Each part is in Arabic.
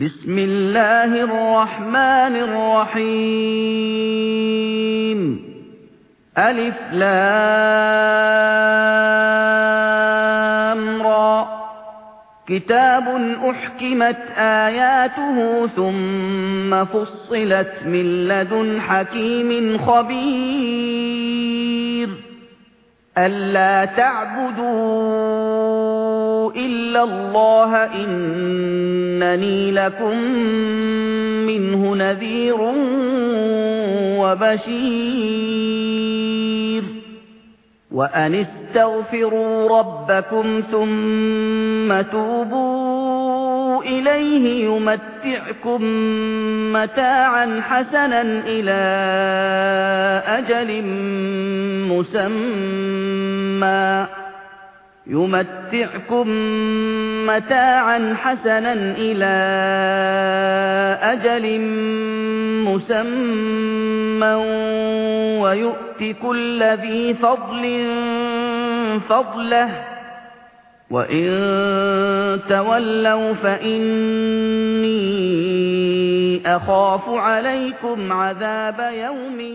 بسم الله الرحمن الرحيم ألف لام را كتاب أحكمت آياته ثم فصلت من لدن حكيم خبير ألا تعبدون إلا الله إنني لكم منه نذير وبشير وأن استغفروا ربكم ثم توبوا إليه يمتعكم متاعا حسنا إلى أجل مسمى يمتعكم متاعا حسنا إلى أجل مسمى ويؤت كل ذي فضل فضله وإن تولوا فإني أخاف عليكم عذاب يوم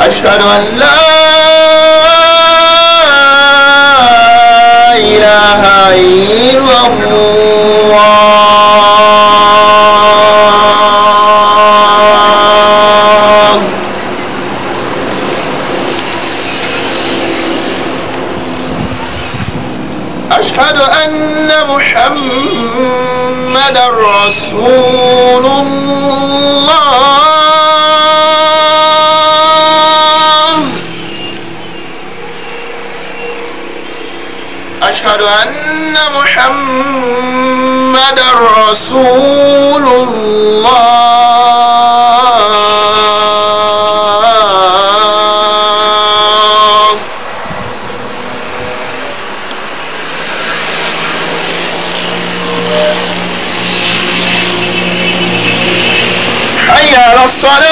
أشهد أن لا إله إلا الله أشهد أن محمد رسول الله أن محمد رسول الله حي على الصلاة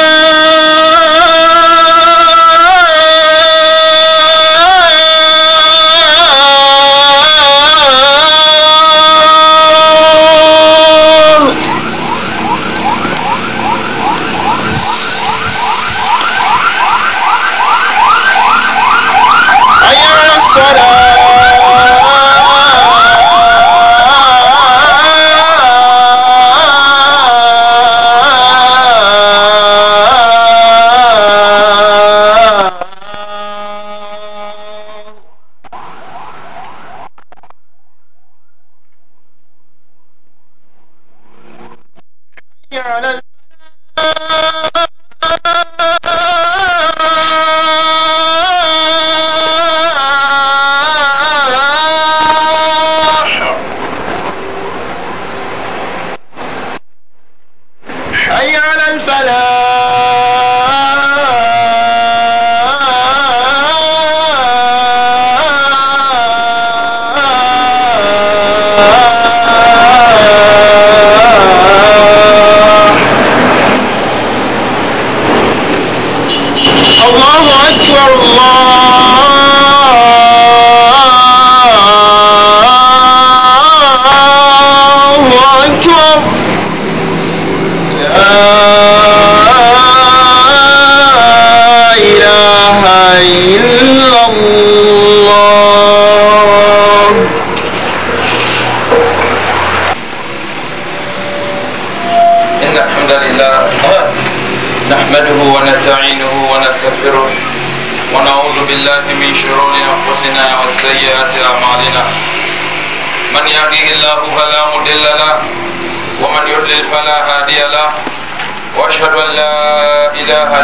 ضلالا فلا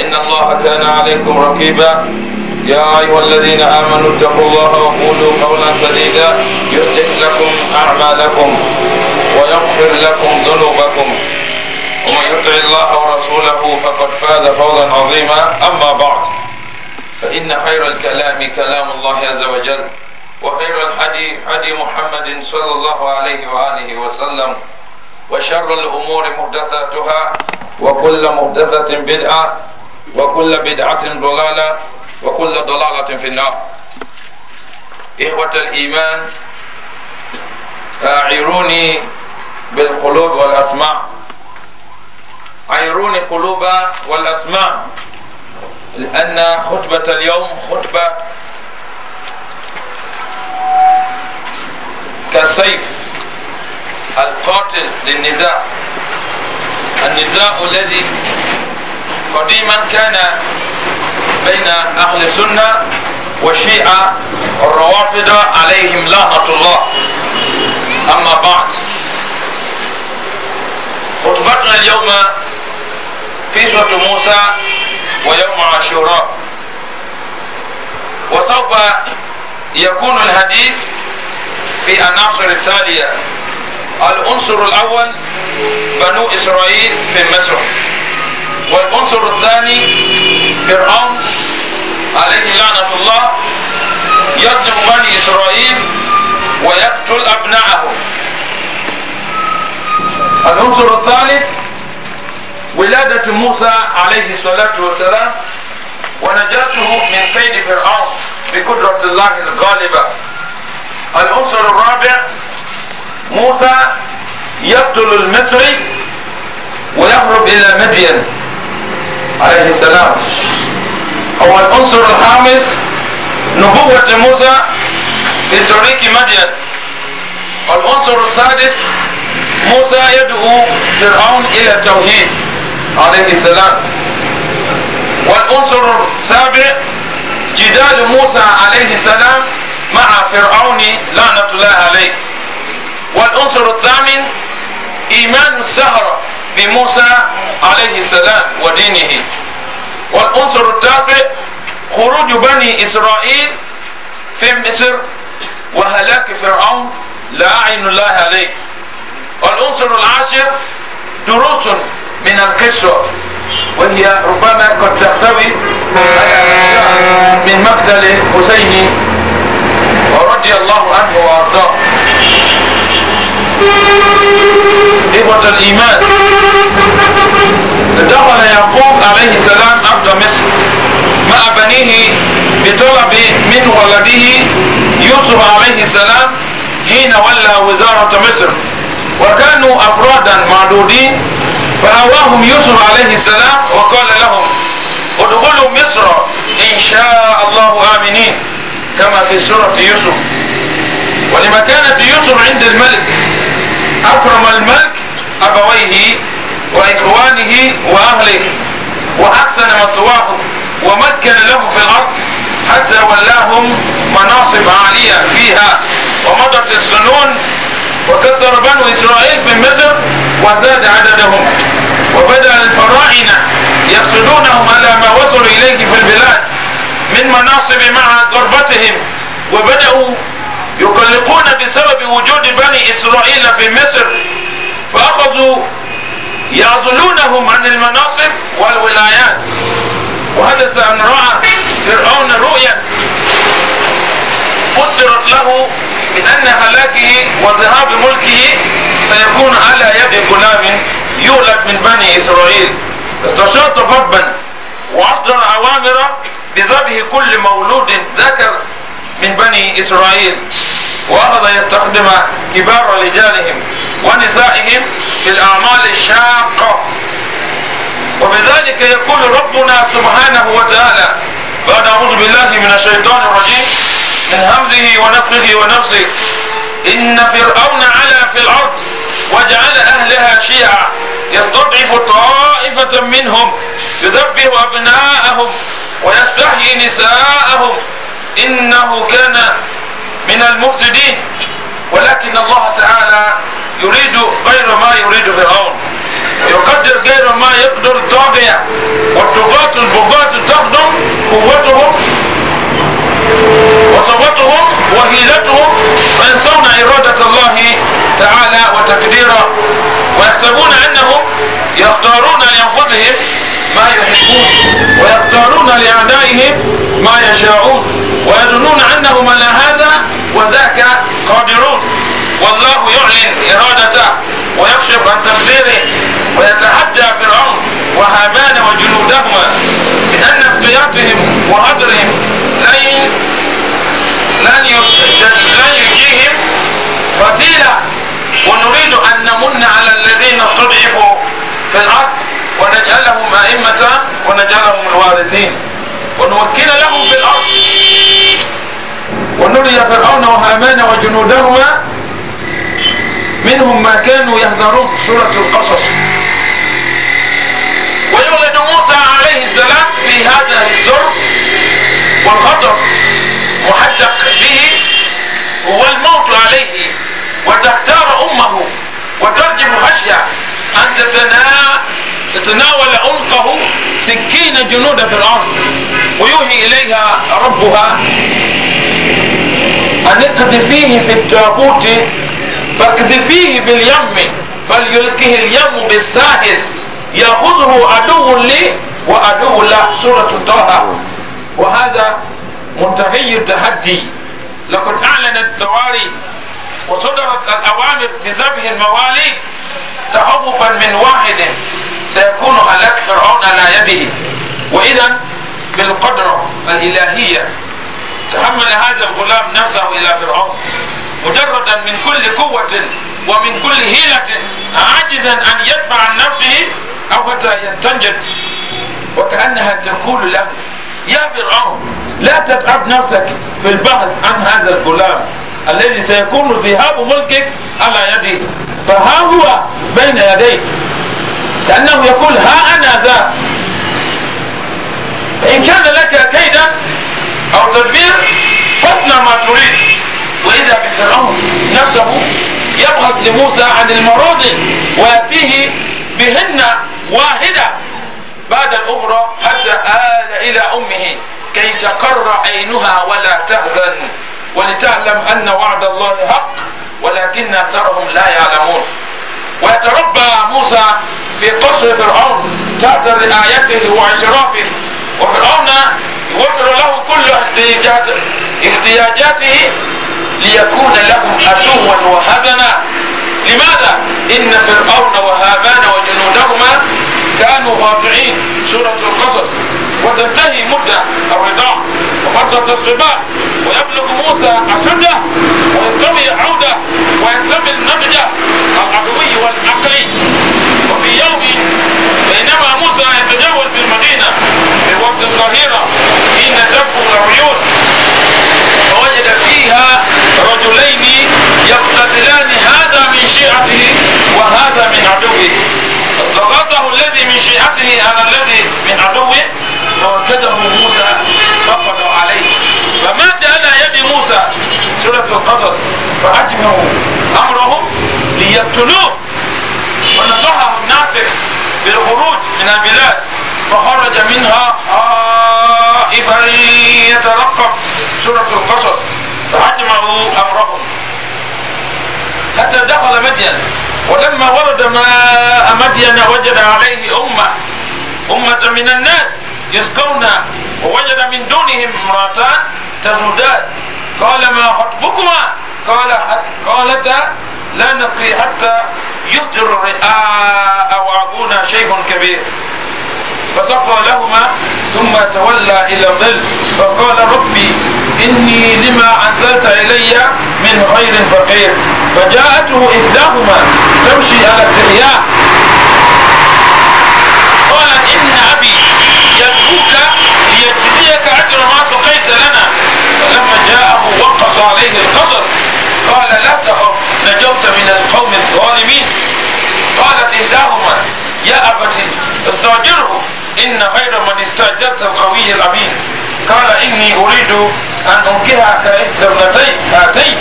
إن الله كان عليكم رقيبا يا أيها الذين آمنوا اتقوا الله وقولوا قولا سديدا يصلح لكم أعمالكم ويغفر لكم ذنوبكم ومن يطع الله ورسوله فقد فاز فوزا عظيما أما بعد فإن خير الكلام كلام الله عز وجل وخير الحدي حدي محمد صلى الله عليه وآله وسلم وشر الأمور محدثاتها وكل محدثة بدعة وكل بدعة ضلالة وكل ضلالة في النار إخوة الإيمان أعيروني بالقلوب والأسماء أعيروني قلوب والأسماء لأن خطبة اليوم خطبة كالسيف القاتل للنزاع النزاع الذي قديما كان بين أهل السنة والشيعة والروافض عليهم لعنة الله أما بعد خطبتنا اليوم قصة موسى ويوم عاشوراء وسوف يكون الحديث في العناصر التالية العنصر الأول بنو إسرائيل في مصر والعنصر الثاني فرعون عليه لعنة الله يظلم بني إسرائيل ويقتل أبناءهم العنصر الثالث ولادة موسى عليه الصلاة والسلام ونجاته من قيد فرعون بقدرة الله الغالبة العنصر الرابع موسى يقتل المصري ويهرب إلى مدين عليه السلام هو العنصر الخامس نبوة موسى في طريق مدين العنصر السادس موسى يدعو فرعون إلى التوحيد عليه السلام والعنصر السابع جدال موسى عليه السلام مع فرعون لعنة الله عليه والعنصر الثامن إيمان السهرة بموسى عليه السلام ودينه والعنصر التاسع خروج بني إسرائيل في مصر وهلاك فرعون لا أعين الله عليه والعنصر العاشر دروس من القصة وهي ربما قد تحتوي من مقتل حسين ورضي الله عنه وارضاه إخوة الإيمان دخل يعقوب عليه السلام عبد مصر مع بنيه بطلب من ولده يوسف عليه السلام حين ولى وزارة مصر وكانوا أفرادا معدودين فأواهم يوسف عليه السلام وقال لهم ادخلوا مصر إن شاء الله آمنين كما في سورة يوسف ولمكانة يوسف عند الملك أكرم الملك أبويه وإخوانه وأهله وأحسن مثواه ومكن له في الأرض حتى ولاهم مناصب عالية فيها ومضت السنون وكثر بنو إسرائيل في مصر وزاد عددهم وبدأ الفراعنة يقصدونهم على ما وصلوا إليه في البلاد من مناصب مع قربتهم وبدأوا يقلقون بسبب وجود بني إسرائيل في مصر فأخذوا يعزلونهم عن المناصب والولايات وحدث أن رأى فرعون رؤيا فسرت له بأن هلاكه وذهاب ملكه سيكون على يد غلام يولد من بني إسرائيل استشرت ربا وأصدر أوامر بذبح كل مولود ذكر من بني إسرائيل وأخذ يستخدم كبار رجالهم ونسائهم في الأعمال الشاقة وبذلك يقول ربنا سبحانه وتعالى بعد أعوذ بالله من الشيطان الرجيم من همزه ونفخه ونفسه إن فرعون علا في الأرض وجعل أهلها شيعا يستضعف طائفة منهم يذبح أبناءهم ويستحيي نساءهم إنه كان من المفسدين ولكن الله تعالى يريد غير ما يريد فرعون يقدر غير ما يقدر طاغية والطغاة البغاة تخدم قوتهم وصوتهم وهيلتهم وينسون إرادة الله تعالى وتقديره ويحسبون أنهم يختارون لأنفسهم ما يحبون ويختارون لأعدائهم ما يشاءون ويظنون أنهم على هذا وذاك قادرون إرادته ويكشف عن تقديره ويتحدى فرعون وهامان وجنودهما بأن افتياتهم وهجرهم لن لن يجيهم فتيلة ونريد أن نمن على الذين استضعفوا في الأرض ونجعلهم أئمة ونجعلهم الوارثين ونوكل لهم في الأرض ونري فرعون وهامان وجنودهما منهم ما كانوا يهذرون في سورة القصص ويولد موسى عليه السلام في هذا الزر والخطر محدق به هو الموت عليه وتختار أمه وترجم خشية أن تتنا... تتناول عنقه سكين جنود في الأرض ويوحي إليها ربها أن فيه في التابوت فاكتفيه في اليم فليلقه اليم بالساحل ياخذه عدو لي وعدو له سوره طه وهذا منتهي التحدي لقد اعلنت التواري وصدرت الاوامر بذبح المواليد تخوفا من واحد سيكون هلاك فرعون على يده واذا بالقدره الالهيه تحمل هذا الغلام نفسه الى فرعون مجردا من كل قوة ومن كل هيلة عاجزا أن يدفع عن نفسه أو حتى يستنجد وكأنها تقول له يا فرعون لا تتعب نفسك في البحث عن هذا الغلام الذي سيكون ذهاب ملكك على يدي فها هو بين يديك كأنه يقول ها أنا ذا فإن كان لك كيدا أو تدبير فاصنع ما تريد وإذا بفرعون نفسه يبحث لموسى عن المراد ويأتيه بهن واحدة بعد الأخرى حتى آل إلى أمه كي تقر عينها ولا تحزن ولتعلم أن وعد الله حق ولكن أكثرهم لا يعلمون ويتربى موسى في قصر فرعون تحت رعايته وإشرافه وفرعون يوفر له كل احتياجاته ليكون لهم عدوا وحزنا لماذا؟ إن فرعون وهامان وجنودهما كانوا خاطعين سورة القصص وتنتهي مدة الرضاع وفترة الصباح ويبلغ موسى أشده ويستوي عوده ويكتمل النضج العدوي والعقلي وفي يوم بينما موسى يتجول في المدينة في وقت الظهيرة حين تبكو العيون فوجد فيها رجلين يقتتلان هذا من شيعته وهذا من عدوه فغزه الذي من شيعته على الذي من عدوه فركزه موسى فقد عليه فمات على يد موسى سورة القصص فأجمعوا أمرهم ليقتلوه ونصحه الناسخ بالخروج من البلاد فخرج منها آه خائفا يترقب سورة القصص فأجمعوا أمرهم حتى دخل مدين ولما ورد ماء مدين وجد عليه أمة أمة من الناس يسقون ووجد من دونهم امراتان تسودان قال ما خطبكما قال قالتا لا نسقي حتى يصدر الرئاء وأبونا شيخ كبير فسقى لهما ثم تولى إلى الظل فقال ربي إني لما أنزلت إلي من خير فقير فجاءته إحداهما تمشي على استحياء قالت إن أبي يدعوك ليجزيك أجر ما سقيت لنا فلما جاءه وقص عليه القصص قال لا تخف نجوت من القوم الظالمين قالت إحداهما يا أبت استأجره إن خير من استأجرت القوي الأمين قال إني أريد أن أنكحك إحدى ابنتي هاتين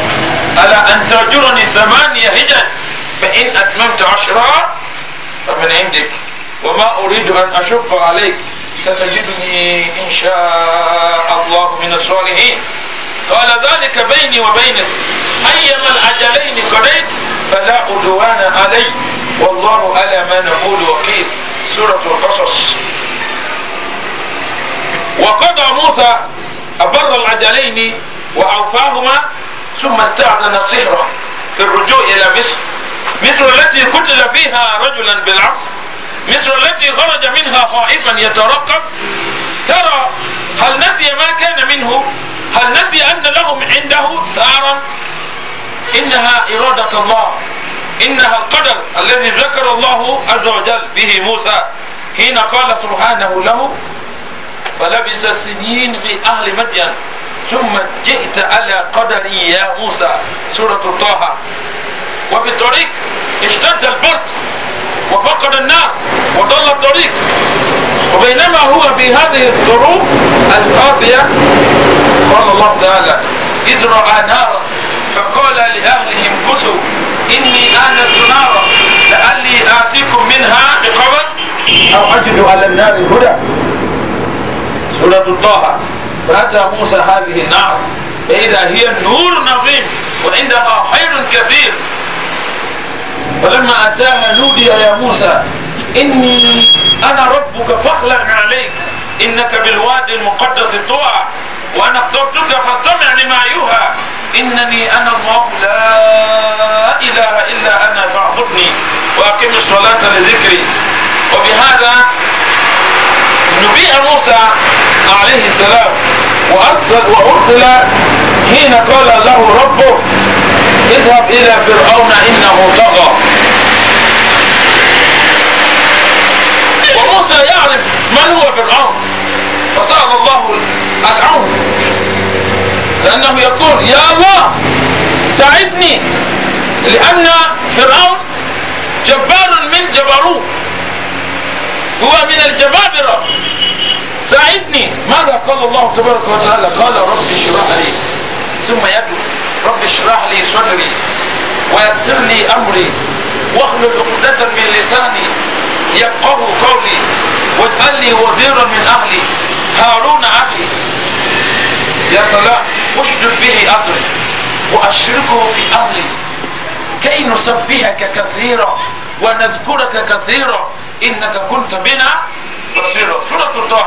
على أن تأجرني ثمانية هجر فإن أتممت عشرا فمن عندك وما أريد أن أشق عليك ستجدني إن شاء الله من الصالحين قال ذلك بيني وبينك أيما الأجلين قضيت فلا عدوان علي والله على ما نقول وكيل سورة القصص وقضى موسى أبر العجلين وأوفاهما ثم استأذن السحر في الرجوع إلى مصر مصر التي قتل فيها رجلا بالعبس مصر التي خرج منها خائفا يترقب ترى هل نسي ما كان منه هل نسي أن لهم عنده ثارا إنها إرادة الله إنها القدر الذي ذكر الله عز وجل به موسى حين قال سبحانه له فلبس سنين في أهل مدين ثم جئت على قدري يا موسى سورة طه وفي الطريق اشتد البرد وفقد النار وضل الطريق وبينما هو في هذه الظروف القاسية قال الله تعالى إذ رأى نارا فقال لأهلهم كثوا إني آنست نارا لعلي آتيكم منها بقبس أو أجد على النار هدى سورة الطه فأتى موسى هذه النار فإذا هي نور نظيم وعندها خير كثير فلما أتاها نودي يا موسى إني أنا ربك فاخلع عليك إنك بالوادي المقدس طوى وأنا اخترتك فاستمع لما يوحى إنني أنا الله لا إله إلا أنا فاعبدني وأقم الصلاة لذكري وبهذا نبيع موسى عليه السلام وأرسل وأرسل حين قال له ربه اذهب إلى فرعون إنه طغى وموسى يعرف من هو فرعون فسأل الله العون لأنه يقول يا الله ساعدني لأن فرعون جبار من جبروت هو من الجبابرة ساعدني ماذا قال الله تبارك وتعالى قال رب اشرح لي ثم يدعو رب اشرح لي صدري ويسر لي أمري واخلل عقدة من لساني يفقه قولي واجعل لي وزيرا من أهلي هارون أخي يا سلام اشدد به اصري وأشركه في أمري كي نسبحك كثيرا ونذكرك كثيرا إنك كنت بنا بصيرا سورة طه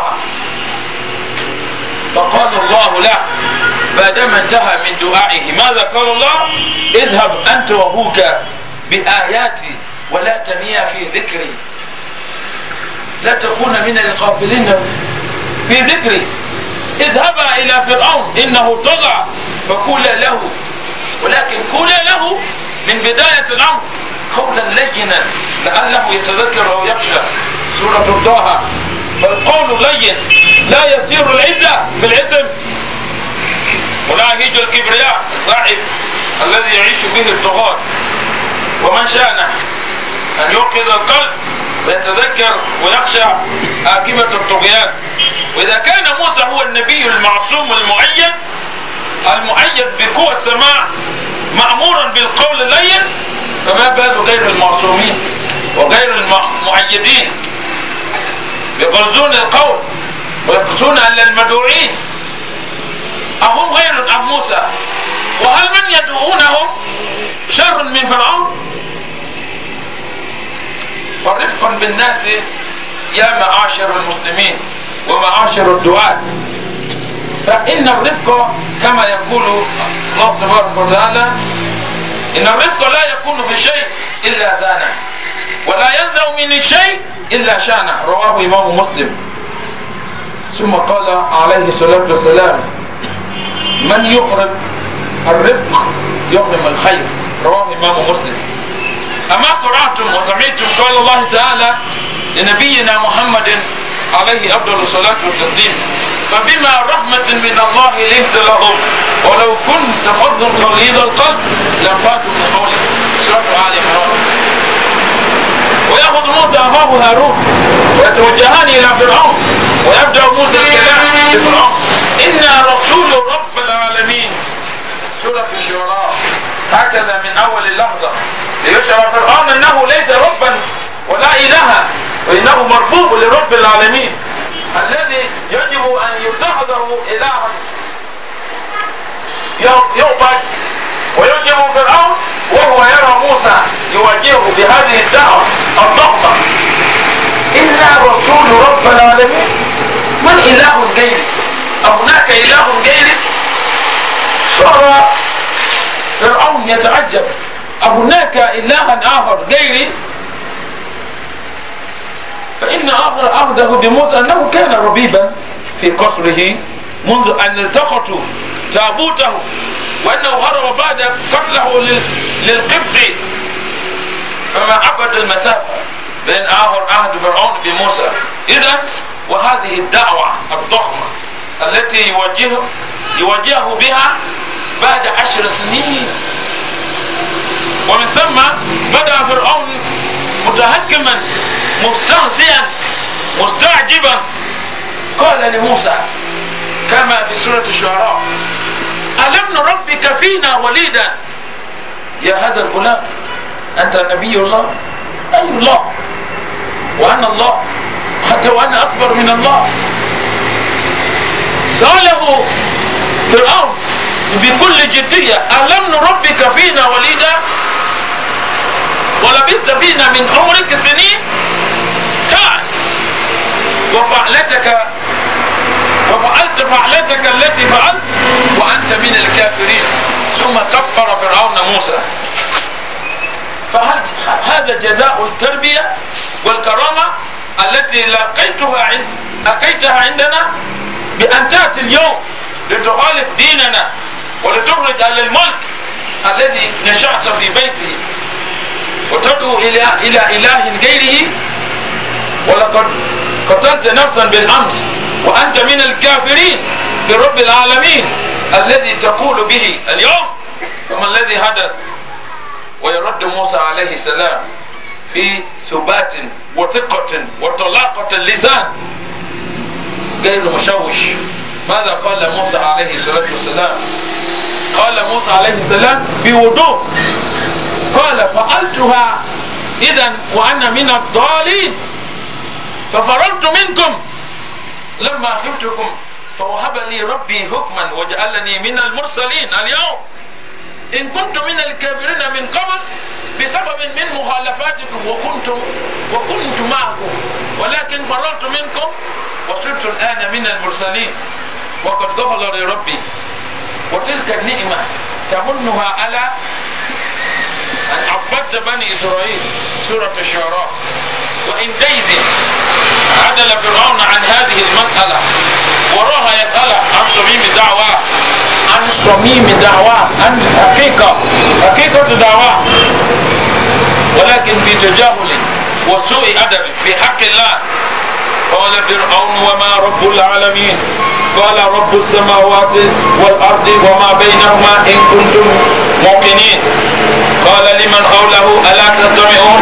فقال الله له بعدما انتهى من دعائه ماذا قال الله اذهب أنت وهوك بآياتي ولا تنيا في ذكري لا تكون من الغافلين في ذكري اذهبا إلى فرعون إنه طغى فقولا له ولكن قولا له من بداية الأمر قولا لينا لعله يتذكر أو يخشى سورة طه فالقول لين لا يسير العزة بالعزم ولا يهيج الكبرياء الزعف الذي يعيش به الطغاة ومن شانه أن يوقظ القلب ويتذكر ويخشى آكمة الطغيان وإذا كان موسى هو النبي المعصوم المؤيد المؤيد بقوى السماء مأمورا بالقول اللين فما بال غير المعصومين وغير المؤيدين يغلظون القول ويقصون على المدعوين أهم غير أم موسى وهل من يدعونهم شر من فرعون فرفقا بالناس يا معاشر المسلمين ومعاشر الدعاة فإن الرفق كما يقول الله تبارك وتعالى إن الرفق لا يكون في شيء إلا زانه ولا ينزع من شيء إلا شانه رواه إمام مسلم ثم قال عليه الصلاة والسلام من يقرب الرفق يقرب الخير رواه إمام مسلم أما قرأتم وسمعتم قال الله تعالى لنبينا محمد عليه أفضل الصلاة والتسليم فبما رحمة من الله لنت لهم ولو كنت فظا غليظ القلب لانفادوا من حولك سورة آل عمران ويأخذ موسى أخاه هارون ويتوجهان إلى فرعون ويبدأ موسى الكلام لفرعون إنا رسول رب العالمين سورة الشعراء هكذا من أول اللحظة ليشعر فرعون أنه ليس ربا ولا إلها وإنه مرفوض لرب العالمين الذي يجب أن يتحضر الى يعبد ويجب فرعون وهو يرى موسى يواجهه بهذه الدعوة الضغطة إلا رسول رب العالمين من إله غيري أهناك إله غيري صار فرعون يتعجب أهناك إلها آخر غيري فإن آخر عهده بموسى أنه كان ربيبا في قصره منذ أن التقطوا تابوته وأنه هرب بعد قتله للقبط فما أبعد المسافة بين آخر عهد فرعون بموسى إذا وهذه الدعوة الضخمة التي يوجه يوجهه بها بعد عشر سنين ومن ثم بدأ فرعون متهكما مستهزئا مستعجبا قال لموسى كما في سورة الشعراء ألم نربك فينا وليدا يا هذا الغلام أنت نبي الله أي الله وأنا الله حتى وأنا أكبر من الله سأله فرعون بكل جدية ألم نربك فينا وليدا ولبست فينا من عمرك سنين فعل وفعلتك وفعلت فعلتك التي فعلت وأنت من الكافرين ثم كفر فرعون موسى فهل هذا جزاء التربية والكرامة التي لقيتها عند لقيتها عندنا بأن تأتي اليوم لتخالف ديننا ولتخرج أهل الملك الذي نشأت في بيته وتدعو إلى إلى إله غيره ولقد قتلت نفسا بالأمس وأنت من الكافرين برب العالمين الذي تقول به اليوم فما الذي حدث ويرد موسى عليه السلام في ثبات وثقة وطلاقة اللسان غير مشوش ماذا قال موسى عليه الصلاة والسلام قال موسى عليه السلام بوضوء قال فعلتها إذا وأنا من الضالين ففررت منكم لما خفتكم فوهب لي ربي حكما وجعلني من المرسلين اليوم إن كنت من الكافرين من قبل بسبب من مخالفاتكم وكنتم وكنت معكم ولكن فررت منكم وصرت الآن من المرسلين وقد غفر لي ربي وتلك النعمة تمنها على أن عبدت بني إسرائيل سورة الشعراء وإن ديز عدل فرعون عن هذه المسألة وراها يسألة عن صميم الدعوة عن صميم الدعوة عن حقيقة حقيقة الدعوة ولكن في تجاهل وسوء أدب في حق الله قال فرعون وما رب العالمين قال رب السماوات والأرض وما بينهما إن كنتم موقنين قال لمن حوله ألا تستمعون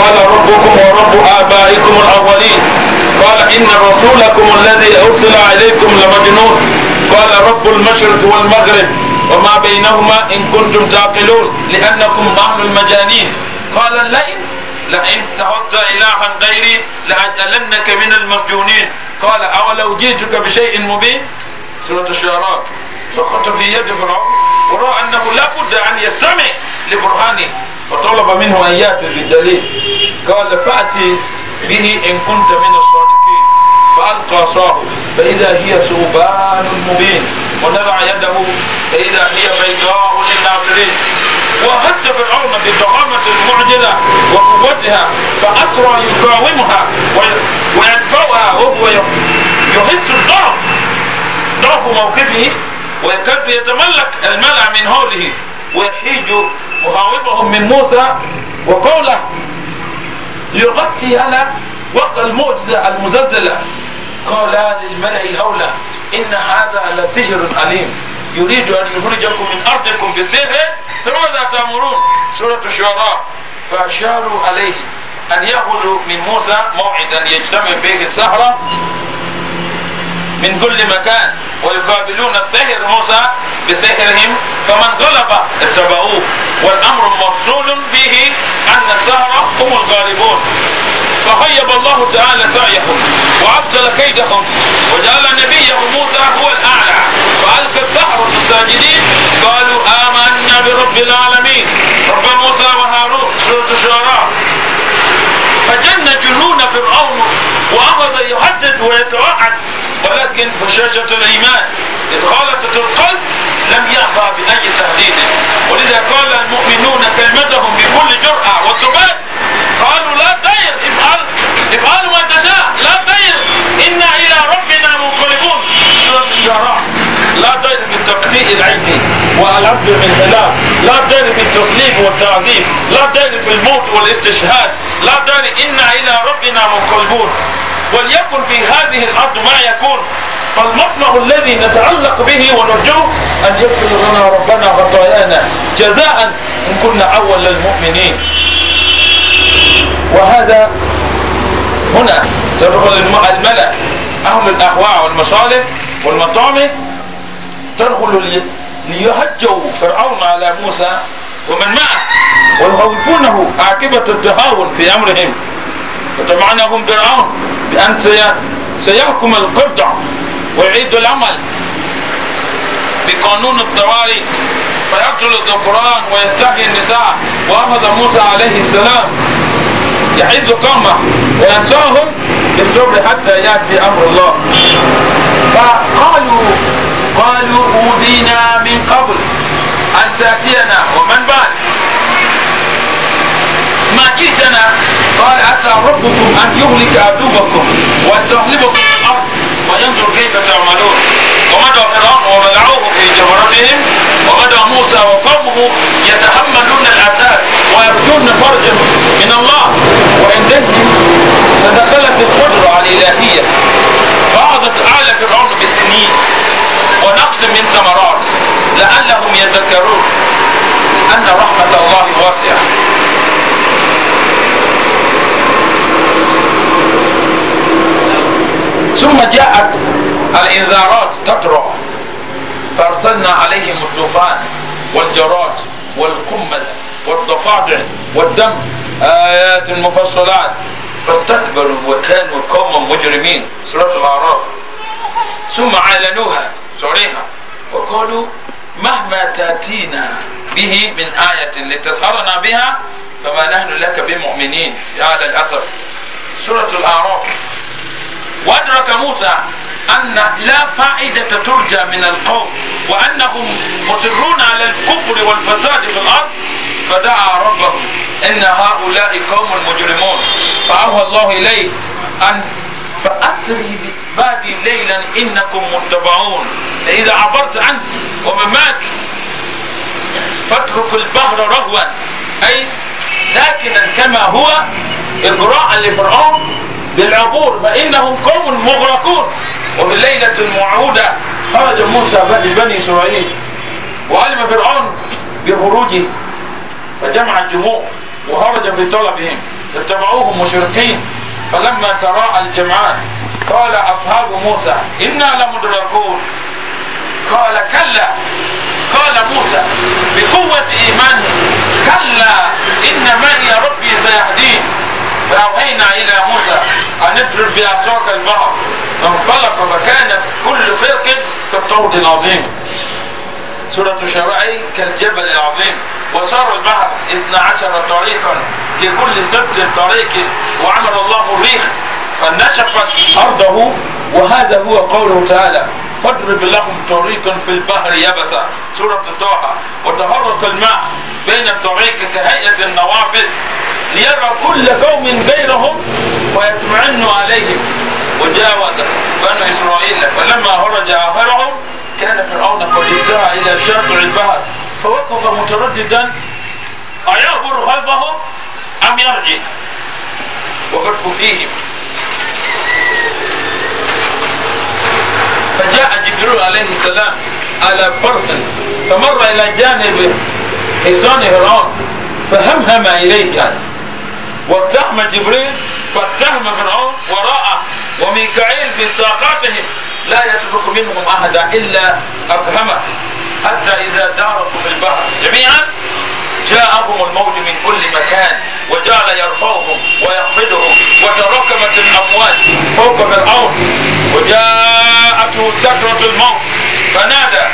قال ربكم ورب آبائكم الأولين قال إن رسولكم الذي أرسل عليكم لمجنون قال رب المشرق والمغرب وما بينهما إن كنتم تعقلون لأنكم أهل المجانين قال لئن لئن اتخذت إلها غيري لأجعلنك من المسجونين قال أولو جئتك بشيء مبين سورة الشعراء سقط في يد فرعون ورأى أنه لابد أن يستمع لبرهانه فطلب منه أن يأتي بالدليل قال فأتي به إن كنت من الصادقين فألقى صاه فإذا هي ثوبان مبين ونرى يده فإذا هي بيضاء للناظرين وهز فرعون بضخامة المعجلة وقوتها فأسرى يقاومها ويدفعها وهو يحس الضعف ضعف موقفه ويكاد يتملك الملأ من حوله ويحيج مخاوفهم من موسى وقوله ليغطي على وقع المعجزة المزلزلة قال للملأ هولا إن هذا لسحر أليم يريد أن يخرجكم من أرضكم بسره فماذا تأمرون سورة الشعراء فأشاروا عليه أن يأخذوا من موسى موعدا يجتمع فيه السهرة من كل مكان ويقابلون السحر موسى بسحرهم فمن غلب اتبعوه والأمر مفصول فيه أن السهرة هم الغالبون فخيب الله تعالى سعيهم وعبدل كيدهم وجعل نبيه موسى هو الأعلى فألقى السحر الساجدين قالوا آمنا برب العالمين رب موسى وهارون سورة الشعراء فجن جنون فرعون وأخذ يهدد ويتوعد ولكن بشاشة الإيمان إذ غلطت القلب لم يرضى بأي تهديد ولذا قال المؤمنون كلمتهم بكل جرأة وتبات قالوا لا تير افعل افعل ما تشاء لا تير إنا إلى ربنا منقلبون سورة الشعراء لا تير في التقطيع العيدي والعبد من خلاف لا تير في التصليب والتعذيب لا تير في الموت والاستشهاد لا تير إنا إلى ربنا منقلبون وليكن في هذه الأرض ما يكون فالمطمع الذي نتعلق به ونرجوه أن يغفر لنا ربنا خطايانا جزاء إن كنا أول المؤمنين وهذا هنا تدخل الملأ أهل الأهواء والمصالح والمطامع تدخل ليهجوا فرعون على موسى ومن معه ويخوفونه عاقبة التهاون في أمرهم وطمعنهم فرعون بأن سيحكم القبضة ويعيد العمل بقانون الطوارئ فيقتل الذكران ويستحيي النساء وأخذ موسى عليه السلام يعز قومه وينساهم بالصبر حتى يأتي أمر الله فقالوا قالوا أوذينا من قبل أن تأتينا ومن بعد ما جئتنا قال عسى ربكم أن يهلك عدوكم ويستغلبكم في الأرض فينظر كيف تعملون ومدى فرعون وملعوه في جمرتهم ومدى موسى وقومه يتحملون الاثار ويرجون فرجا من الله وإن تدخلت القدرة الإلهية فعضت أعلى فرعون بالسنين ونقص من ثمرات لعلهم يذكرون أن رحمة الله واسعة ثم جاءت الإنذارات تطرع فأرسلنا عليهم الطوفان والجراد والقمل والضفادع والدم آيات مفصلات فاستكبروا وكانوا قوما مجرمين سورة الأعراف ثم أعلنوها صريحة وقالوا مهما تاتينا به من آية لتسهرنا بها فما نحن لك بمؤمنين يا للأسف سورة الأعراف وأدرك موسى أن لا فائدة ترجى من القوم وأنهم مصرون على الكفر والفساد في الأرض فدعا ربه إن هؤلاء قوم مجرمون فأوهى الله إليه أن فأسري بعدي ليلا إنكم متبعون إذا عبرت أنت ومن معك فاترك البحر رهوا أي ساكنا كما هو إجراء لفرعون بالعبور فإنهم قوم مغرقون وفي الليلة الموعودة خرج موسى بني إسرائيل وعلم فرعون بخروجه فجمع الجموع وخرج في طلبهم فاتبعوهم مشركين فلما تراءى الجمعان قال أصحاب موسى إنا لمدركون قال كلا قال موسى بقوة إيمانه كلا إن معي ربي سيهدين فأوحينا إلى موسى أن اضرب بعصاك البحر فانفلق فكانت كل فرق كالطود العظيم سورة شرعي كالجبل العظيم وصار البحر 12 طريقا لكل سبت طريق وعمل الله الريح فنشفت أرضه وهذا هو قوله تعالى فاضرب لهم طريقا في البحر يبسا سورة طه وتهرق الماء بين الطريق كهيئة النوافذ ليرى كل قوم غيرهم ويطمئن عليهم وجاوز بنو إسرائيل فلما هرج آخرهم كان فرعون قد انتهى إلى شاطئ البحر فوقف مترددا أيعبر خلفهم لم يرجع وقد كفيهم فجاء جبريل عليه السلام على فرس فمر إلى جانب حصان فرعون فهمهم إليه يعني واقتحم جبريل فاقتحم فرعون وراءه وميكائيل في ساقاتهم لا يترك منهم أحدا إلا أقهمه حتى إذا داركوا في البحر جميعا جاءهم الموج من كل مكان وجعل يرفعهم ويخفضهم وتراكمت الاموال فوق فرعون وجاءته سكرة الموت فنادى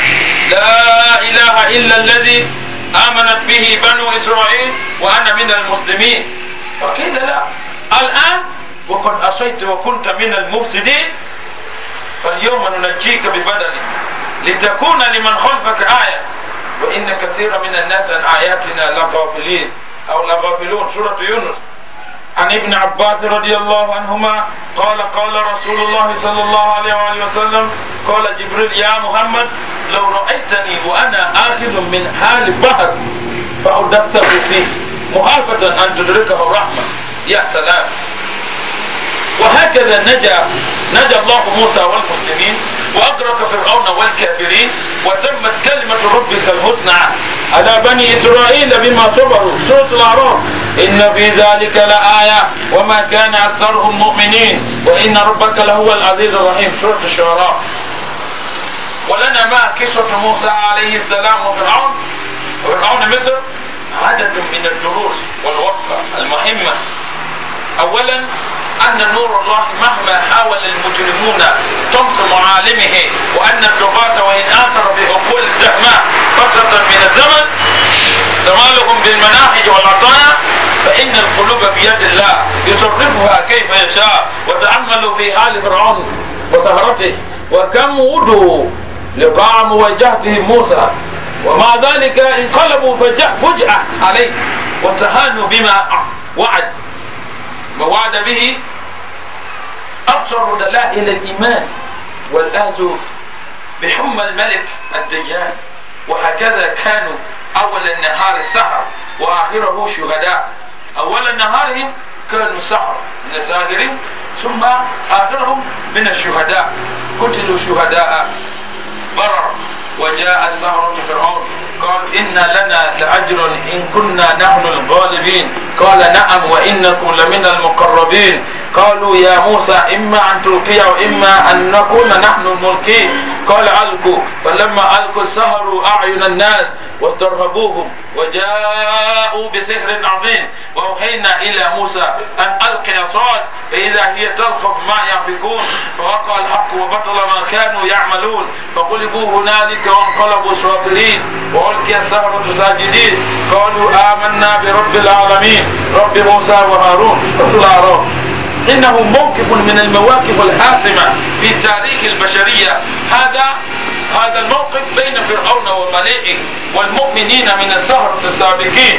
لا إله إلا الذي آمنت به بنو إسرائيل وأنا من المسلمين فقيل لا الآن وقد أصيت وكنت من المفسدين فاليوم ننجيك ببدنك لتكون لمن خلفك آية وإن كثيرا من الناس عن آياتنا لغافلين أو لغافلون سورة يونس عن ابن عباس رضي الله عنهما قال قال رسول الله صلى الله عليه وآله وسلم قال جبريل يا محمد لو رأيتني وأنا آخذ من حال بحر فأدسه فيه مخافة أن تدركه الرحمة يا سلام وهكذا نجا نجا الله موسى والمسلمين وأدرك فرعون والكافرين وتمت كلمة ربك الحسنى على بني إسرائيل بما صبروا سورة الأعراف إن في ذلك لآية وما كان أكثرهم مؤمنين وإن ربك لهو العزيز الرحيم سورة الشعراء ولنا ما قصة موسى عليه السلام وفرعون وفرعون مصر عدد من الدروس والوقفة المهمة أولا أن نور الله مهما حاول المجرمون طمس معالمه وأن الضغاة وإن آثر في عقول الدهماء فترة من الزمن استمالهم بالمناهج والعطايا فإن القلوب بيد الله يصرفها كيف يشاء وتأملوا في حال فرعون وسهرته وكم ودوا لقاء مواجهتهم موسى ومع ذلك انقلبوا فجأة فجأة عليه واستهانوا بما وعد ووعد به أبصر دلائل الإيمان والآذ بحمى الملك الديان وهكذا كانوا أول النهار السهر وآخره شهداء أول نهارهم كانوا سهر من الساهرين ثم آخرهم من الشهداء قتلوا شهداء برر وجاء سهرة فرعون قال إن لنا لأجر إن كنا نحن الغالبين قال نعم وإنكم لمن المقربين قالوا يا موسى إما أن تلقي وإما أن نكون نحن الملقين قال ألقوا فلما ألقوا سهروا أعين الناس واسترهبوهم وجاءوا بسحر عظيم وأوحينا إلى موسى أن ألقي عصاك فإذا هي تلقف ما يأفكون فوقع الحق وبطل ما كانوا يعملون فقلبوا هنالك وانقلبوا صابرين وألقي السحرة ساجدين قالوا آمنا برب العالمين رب موسى وهارون سورة الأعراف إنه موقف من المواقف الحاسمة في تاريخ البشرية هذا هذا الموقف بين فرعون وملئه والمؤمنين من السهرة السابقين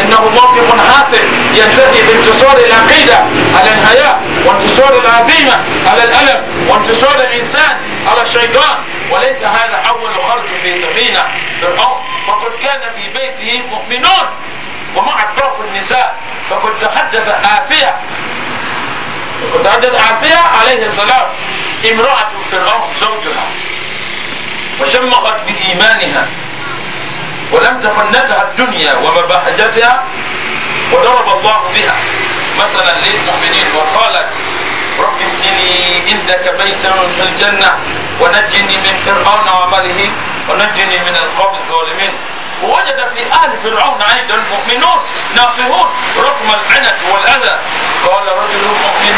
إنه موقف حاسم ينتهي بانتصار العقيدة على الحياة وانتصار العزيمة على الألم وانتصار الإنسان على الشيطان وليس هذا أول خرق في سفينة فرعون فقد كان في بيته مؤمنون ومع ضعف النساء فقد تحدث آسيا فقد تحدث آسيا عليه السلام امرأة فرعون زوجها وشمخت بإيمانها ولم تفنتها الدنيا ومبهجتها وضرب الله بها مثلا للمؤمنين وقالت رب ابن لي عندك بيتا في الجنة ونجني من فرعون وعمله ونجني من القوم الظالمين ووجد في آل فرعون أيضا مؤمنون ناصحون رقم العنت والأذى قال رجل مؤمن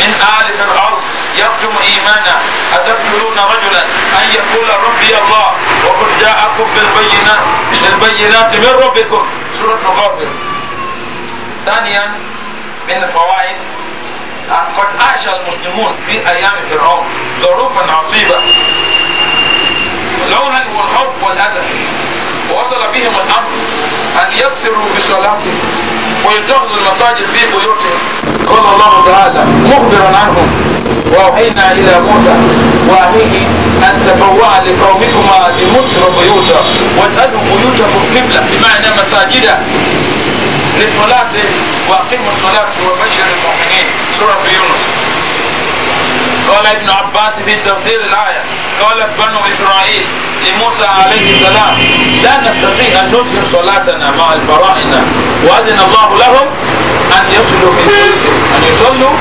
من آل فرعون يكتم إيمانا أتقتلون رجلا أن يقول ربي الله وقد جاءكم بالبينات بالبينات من ربكم سورة غافر ثانيا من الفوائد قد عاش المسلمون في أيام فرعون ظروفا عصيبة لولا والخوف والأذى ووصل بهم الأمر أن يسروا بصلاتهم ويتخذوا المساجد في بيوتهم قال الله تعالى مخبرا عنهم وأوحينا إلى موسى وأخيه أن تبوع لقومكما لمصر بيوتا واجعلوا بيوتكم قبلة بمعنى مساجد للصلاة وأقيموا الصلاة وبشر المؤمنين سورة يونس قال ابن عباس في تفسير الآية قالت بنو إسرائيل لموسى عليه السلام لا نستطيع أن نصبر صلاتنا مع الفرائنا وأذن الله لهم أن يصلوا في بيوتهم أن يصلوا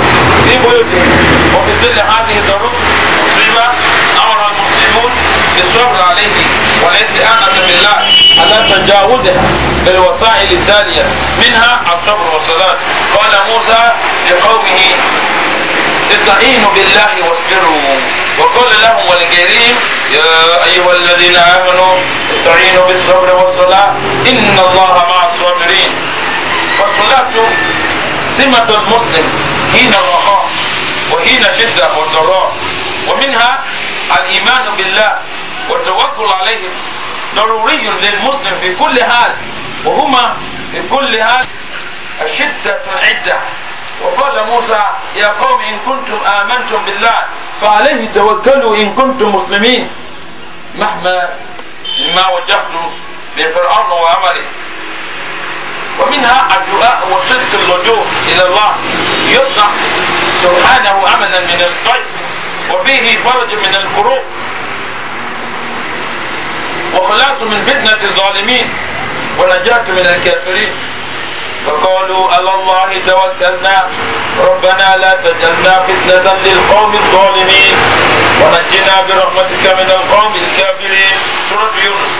في بيوتهم وفي ظل هذه الظروف مصيبة أمر المسلمون بالصبر عليه والاستعانة بالله على تجاوزها بالوسائل التالية منها الصبر والصلاة قال موسى لقومه استعينوا بالله واصبروا وقال لهم والكريم يا أيها الذين آمنوا استعينوا بالصبر والصلاة إن الله مع الصابرين فالصلاة سمة المسلم حين الرخاء وحين الشدة والضراء ومنها الإيمان بالله والتوكل عليه ضروري للمسلم في كل حال وهما في كل حال الشدة العدة وقال موسى يا قوم إن كنتم آمنتم بالله فعليه توكلوا إن كنتم مسلمين مهما مما وجهت لفرعون وعمله ومنها الدعاء وصدق اللجوء إلى الله يصنع سبحانه عملا من الصدق وفيه فرج من الكروب وخلاص من فتنة الظالمين ونجاة من الكافرين فقالوا على الله توكلنا ربنا لا تجعلنا فتنة للقوم الظالمين ونجنا برحمتك من القوم الكافرين سورة يونس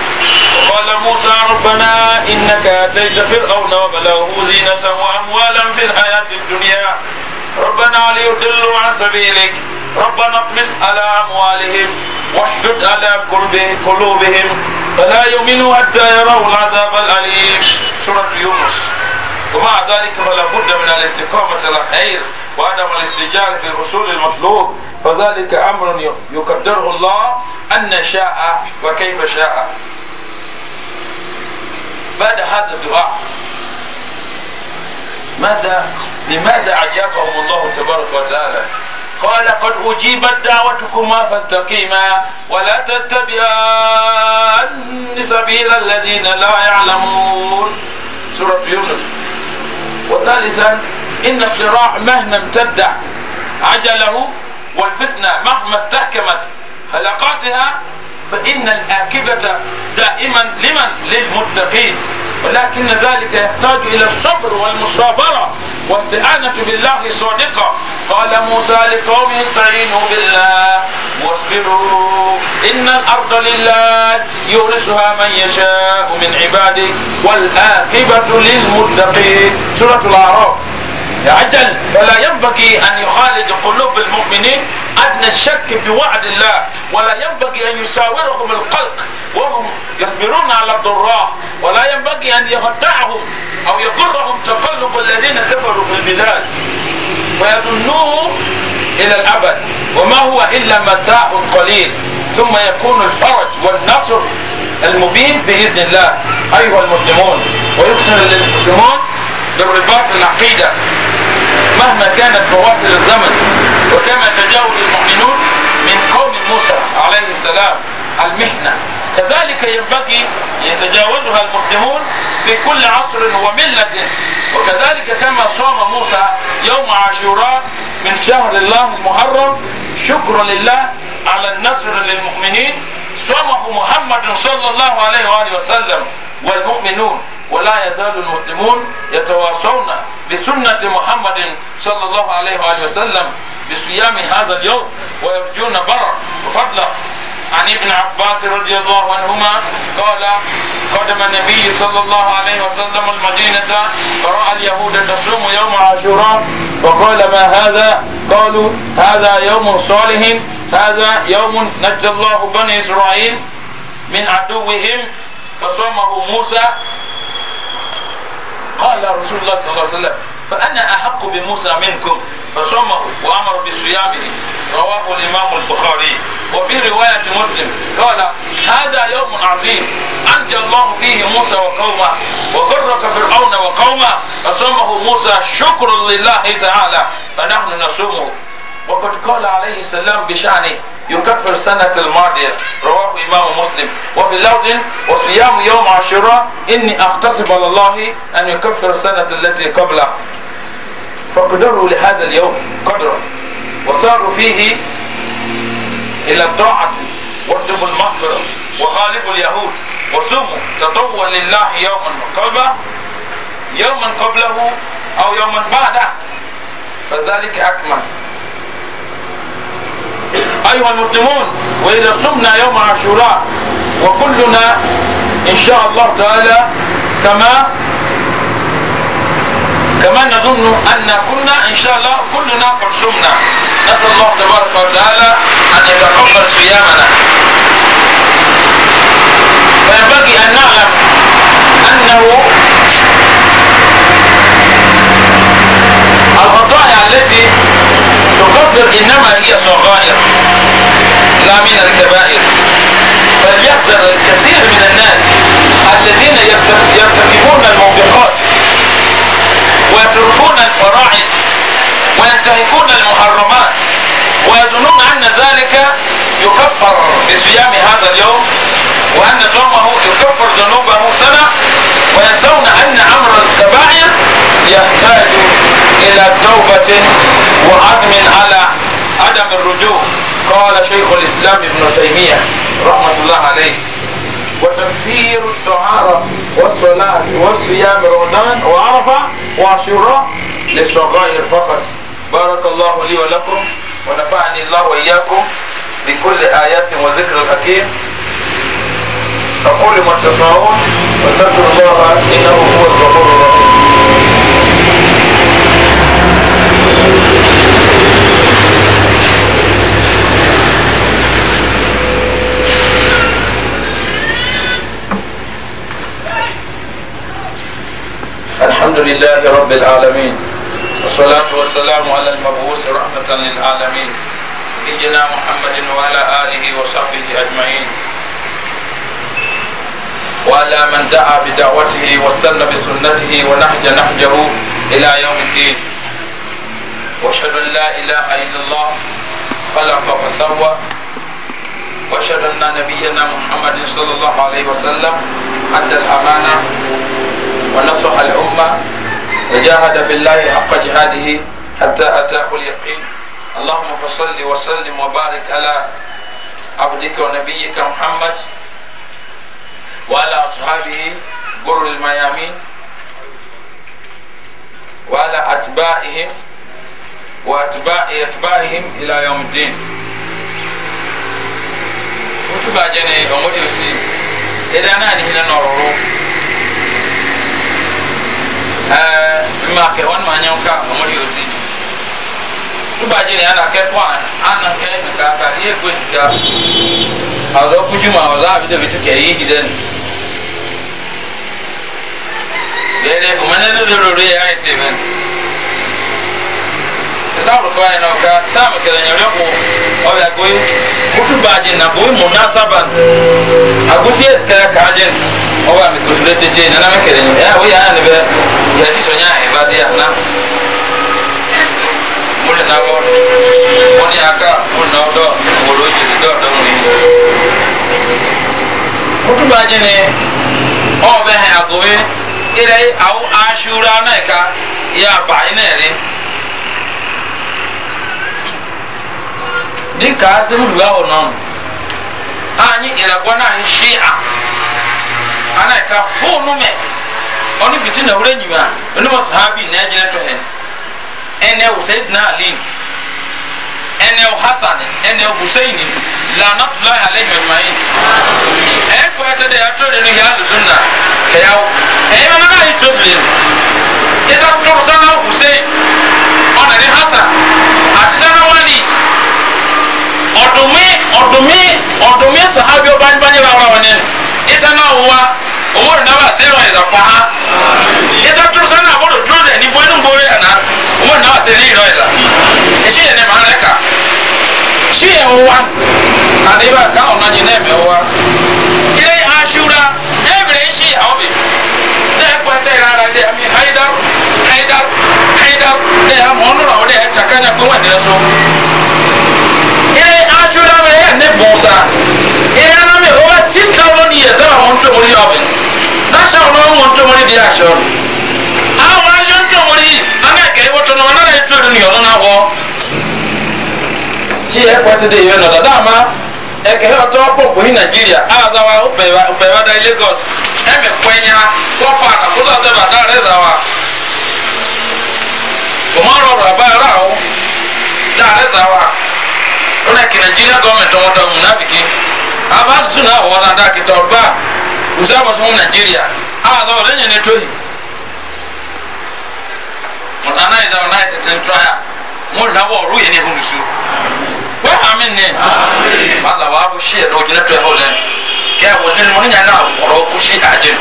وقال موسى ربنا إنك أتيت فرعون وملأه زينة وأموالا في الحياة الدنيا ربنا ليضلوا عن سبيلك ربنا اطمس على أموالهم واشدد على قلوبهم فلا يؤمنوا حتى يروا العذاب الأليم سورة يونس ومع ذلك فلا بد من الاستقامة على الخير وعدم الاستجابة في الرسول المطلوب فذلك أمر يقدره الله أن شاء وكيف شاء بعد هذا الدعاء ماذا لماذا أجابهم الله تبارك وتعالى قال قد أجيبت دعوتكما فاستقيما ولا تتبعان سبيل الذين لا يعلمون سورة يونس وثالثا إن الصراع مهما امتد عجله والفتنة مهما استحكمت هلقاتها فإن الآكبة دائما لمن للمتقين ولكن ذلك يحتاج إلى الصبر والمصابرة واستعانة بالله صادقة قال موسى لقومه استعينوا بالله واصبروا إن الأرض لله يورثها من يشاء من عباده والآكبة للمتقين سورة الأعراف عجل فلا ينبغي أن يخالج قلوب المؤمنين أدنى الشك بوعد الله ولا ينبغي أن يساورهم القلق وهم يصبرون على الضراء ولا ينبغي أن يخدعهم أو يضرهم تقلب الذين كفروا في البلاد فيظنوه إلى الأبد وما هو إلا متاع قليل ثم يكون الفرج والنصر المبين بإذن الله أيها المسلمون ويحسن للمسلمون بالرباط العقيدة مهما كانت فواصل الزمن وكما تجاوز المؤمنون من قوم موسى عليه السلام المحنة كذلك ينبغي يتجاوزها المسلمون في كل عصر وملة وكذلك كما صام موسى يوم عاشوراء من شهر الله المحرم شكرا لله على النصر للمؤمنين صامه محمد صلى الله عليه وآله وسلم والمؤمنون ولا يزال المسلمون يتواصون بسنة محمد صلى الله عليه وآله وسلم بصيام هذا اليوم ويرجون بر وفضلا عن ابن عباس رضي الله عنهما قال قدم النبي صلى الله عليه وسلم المدينة فرأى اليهود تصوم يوم عاشوراء فقال ما هذا قالوا هذا يوم صالح هذا يوم نجى الله بني إسرائيل من عدوهم فصومه موسى قال رسول الله صلى الله عليه وسلم فأنا أحق بموسى منكم فصمه وأمر بصيامه رواه الإمام البخاري وفي رواية مسلم قال هذا يوم عظيم أنجى الله فيه موسى وقومه وغرك فرعون وقومه فصمه موسى شكر لله تعالى فنحن نصومه وقد قال عليه السلام بشأنه يكفر سنة الماضية رواه إمام مسلم وفي لفظ وصيام يوم عاشوراء إني أغتصب على الله أن يكفر السنة التي قبله فقدروا لهذا اليوم قدرا وصاروا فيه إلى الطاعة وارتبوا المغفرة وخالفوا اليهود وصوموا تطوع لله يوما قبله يوما قبله أو يوما بعده فذلك أكمل أيها المسلمون وإذا صمنا يوم عاشوراء وكلنا إن شاء الله تعالى كما كما نظن أن كنا إن شاء الله كلنا قد صمنا نسأل الله تبارك وتعالى أن يتقبل صيامنا فينبغي أن نعلم أنه البضائع التي والغفر إنما هي صغائر لا من الكبائر فليحذر الكثير من الناس الذين يرتكبون الموبقات ويتركون الفراعد وينتهكون المحرمات ويظنون أن ذلك يكفر بصيام هذا اليوم وأن صومه يكفر ذنوبه سنة وينسون أن أمر الكبائر يحتاج إلى توبة وعزم على عدم الرجوع قال شيخ الإسلام ابن تيمية رحمة الله عليه وتكفير الطهارة والصلاة والصيام رمضان وعرفة وعشرة للصغائر فقط بارك الله لي ولكم ونفعني الله وإياكم بكل آيات وذكر الحكيم فقولوا ما تصنعون واتقوا الله انه هو الغفور الرحيم الحمد لله رب العالمين والصلاة والسلام على المبعوث رحمة للعالمين نبينا محمد وعلى آله وصحبه أجمعين وعلى من دعا بدعوته واستنى بسنته ونهج نهجه إلى يوم الدين وأشهد أن لا إله إلا الله خلق فسوى وأشهد أن نبينا محمد صلى الله عليه وسلم أدى الأمانة ونصح الأمة وجاهد في الله حق جهاده حتى أتاه اليقين اللهم فصل وسلم وبارك على عبدك ونبيك محمد وعلى أصحابه غر الميامين وعلى أتباعهم وأتباع أتباعهم إلى يوم الدين kutuba jene omuli osi era nani hina nororo mmake wan manyanka omuli osi kutuba jene ana ke pwan ana ke mikaka iye kwesika azo kujuma oza bide bitu ke yihi zeni lele umane ne lele re ya ise men sabu ko ina ka sabu kala nyore ko o ya ko kutu baje na ko munasaba agusie ka kaje o wa mi kutu lete je na na me kele ya o ya ne be ya ti sonya e ba dia na mule na wo oni aka mule na do wo lo ji do do mi kutu baje ne o be ha agowe ire awu ashura na ka ya ba inere dika se mu ga ono anyi ira gwana hi shi'a ana ka funu me oni fitina hure nyima oni mo sahabi na jina to hen ene usaid na ali ene hasan ene husaini lanatulahi alayhi wa mayi ẹ kọ ẹ tẹ dẹ ẹ tó nínú yà lùsùn nà kẹyàwó ẹ yẹ mẹmẹ báyìí tó filẹ isa tó sanna hussein ọ̀nà ní hasan àti sanna wani ọ̀dùnmí ọ̀dùnmí ọ̀dùnmí sahabi ọ̀bánibánibá wà wọn nínú isa náà wọ́wá owó rẹ̀ náà bá sẹ́rọ̀ ẹ̀dá pa ha isa tó sanna àbọ̀dọ̀ tó rẹ̀ ní bóyá ní bóyá náà owó rẹ̀ náà bá sẹ́rọ̀ ẹ̀dá ẹ̀ṣẹ̀ yẹn ní ma rẹ̀ kà shi ya wa ani ba ka ona ni ne me wa ile ashura ebre shi ya obi de ko te ra ra ami haidar haidar haidar de am onu ra de ta ka na ko wa de so ile ashura me ne bosa ile ana me over 6000 years da ma onto mori obi da sha ona onto mori de ashura awa jonto mori ana ke iboto no na na etu ni ti yɛ kɔte de yɛ nɔ dada ama ɛkɛhɛ ɔtɔ pɔmpu hi nigeria azawa upɛwa da lagos ɛmɛ e kɔnya kɔpa nakoto asɛ bata rɛzawa ɔmɔ rɔrɔ abayɔrɔ awo da rɛzawa ɔna ke nigeria gɔmɛnti ɔmɔtɔ munafiki abali na awɔ na kita ɔba usaba sɔmɔ nigeria azawa ɔlɛ nyɛ ne ɔnana yi sɛ ya mo na ɔru yɛ wẽn sã min ne bala waa bu shɩ do gina toɛsg lɛn kɛ wo zĩn mo ne yã na wɔrɔ ku shɩ a gyen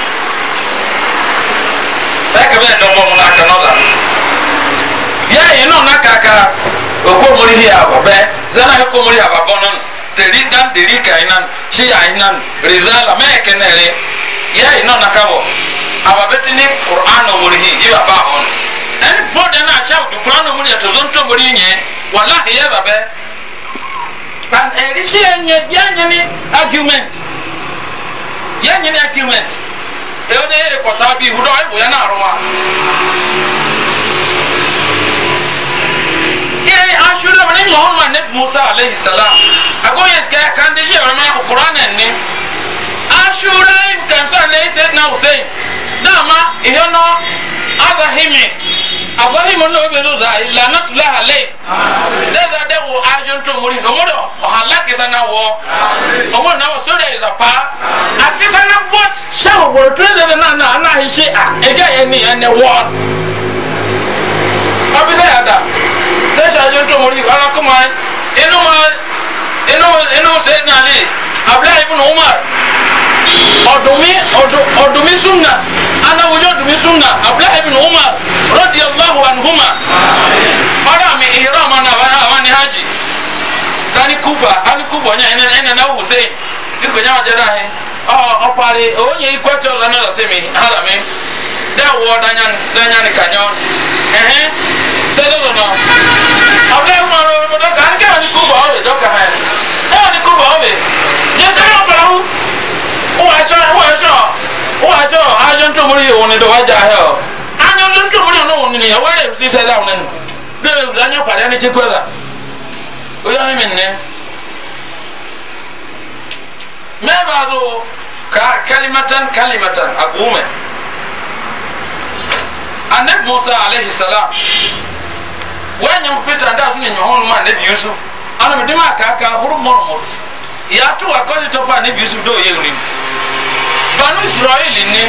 bɩ ka bɩ dɔ bɔm na ka nɔda yaa yẽ nɔ na kaka o komori hi a ba bɛ zana hi komori a ba bɔnɔn teri dan deri ka nan shɩ a nan rizala mɛ kɛ nɛre yaa yẽ nɔ na ka bɔ a ba bɛ tɩ ne qur'an wori hi i ba baa hɔn ɛn de na a sɛb du qur'an wori ya tɩ zõn tomori nyɛ wallahi yɛ ba bɛ And ɛri e, si yɛ e nyɛ yɛ nyɛ argument yɛ nyɛ argument ɛwɔ e ne yɛ kɔsa bi ibu dɔ ɛwɔ yɛ n'arɔ wa yɛ asuri ɛwɔ ne nyɔnu ma ne musa alehi salam ago yɛ sikɛ kan de si yɛ wɛrɛ mɛ kura nɛ ni asuri kansa ne sɛ na hussein dama ihe nɔ Azahimi.'" afahi mo no be roza illa Tula alayh daza de wo ajon to muri no moro o hala kisa na wo o mo na wo so de za pa atisa na what sha wo to de na na na hi shi a eja ye ni ene wo abisa ya da se sha ajon to muri ala kuma inu ma inu inu sayyidina ali abdullah ibn umar ọdumi ọdumi sunna anawujo ọdumi sunna abdullahi bin umar rọdi allahu anhuma ọdọ mi ihira ọmọ náà wọn àwọn ni hajj dani kufa ali kufa ọnyá ẹnẹ ẹnẹ náà hussein dikò nyá wàjẹ dáhẹ ọ ọparí onye ikú ẹtọ lọnà lọsẹ mi hàrà mi dẹ wọ danyan danyan kanyọ ẹhẹ sẹdọ lọnà abdullahi bin umar rọdi allahu anhuma dọkà ẹnìkẹ́ wọn ni kufa ọbẹ dọkà ẹ ẹ wọn ni kufa ọbẹ wàásù wàásù wàásù àjọ ntòmúrì yìí wọn ni dọwọ jà hẹ ọ àjọ ntòmúrì yìí wọn ni yàwó rẹ fi sẹ dáwọn nínú bẹẹ wùdí ànyọ pàdé ẹni tí kúrẹ la ó yà mí nìyẹn mẹ́ẹ̀bà tó ka kalimatan kalimatan agbóhùnmẹ́ anabi musa alayhi salam wẹ́ẹ̀nyẹ́ pété adáàfin ni nyọ̀hún ma anabi yusuf anamidima kàkà hurumọ́nù mọ́tò yàtò akọ́sí tó pa níbi yusuf dóò yé ni banu israeli ni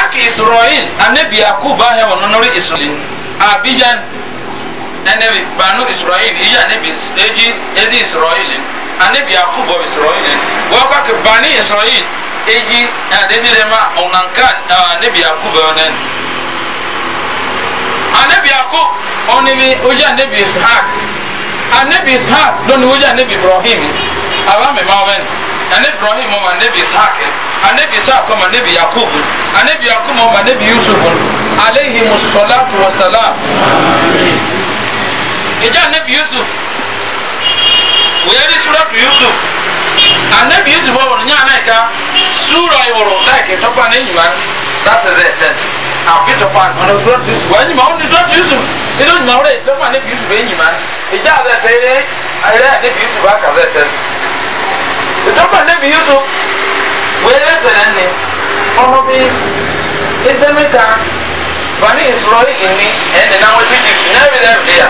aki israeli anabi yakubu ahẹ́ wọn nọ́nọ́rí israeli abijan ẹnẹbi banu israeli iye anabi eji ezi israeli anabi yakubu israeli wọ́n kọ́ kí bani Israel eji adezi dẹ́ ma ọ̀nànká anabi yakubu ọ̀nẹ́n anabi yakubu ọ̀nẹ́bi ojú anabi ishaq anabi ishaq don ni woja anabi ibrahim aba mi ma wen anabi ibrahim ma anabi ishaq anabi ishaq ma anabi yakub anabi yakub ma anabi yusuf alayhi musallatu wa salam ija anabi yusuf wiyari suratu yusuf anabi yusuf wa wani nyana ka sura yoro da topa ne nyimani that is it oh, and peter pan ọ̀nà sọ́ọ́ ti yusuf ẹ̀yìn You ọ̀nà sọ́ọ́ ti yusuf nínú ìmọ̀ ọ̀rẹ́ ìjọ fún àníbi yusuf ẹ̀yìn màá ìjà àti ẹ̀tẹ̀ ilé ayẹyẹ àníbi yusuf àkàzẹ̀ it? ìjọ fún àníbi yusuf wẹ́ẹ́rẹ́ tẹ̀lé ní ọmọ bíi ìsẹ́mìta bani ìsọ̀rọ̀ yìí ní ẹ̀ẹ́dẹ̀ náà wọ́n ti jì tù náà rí rẹ̀ rí à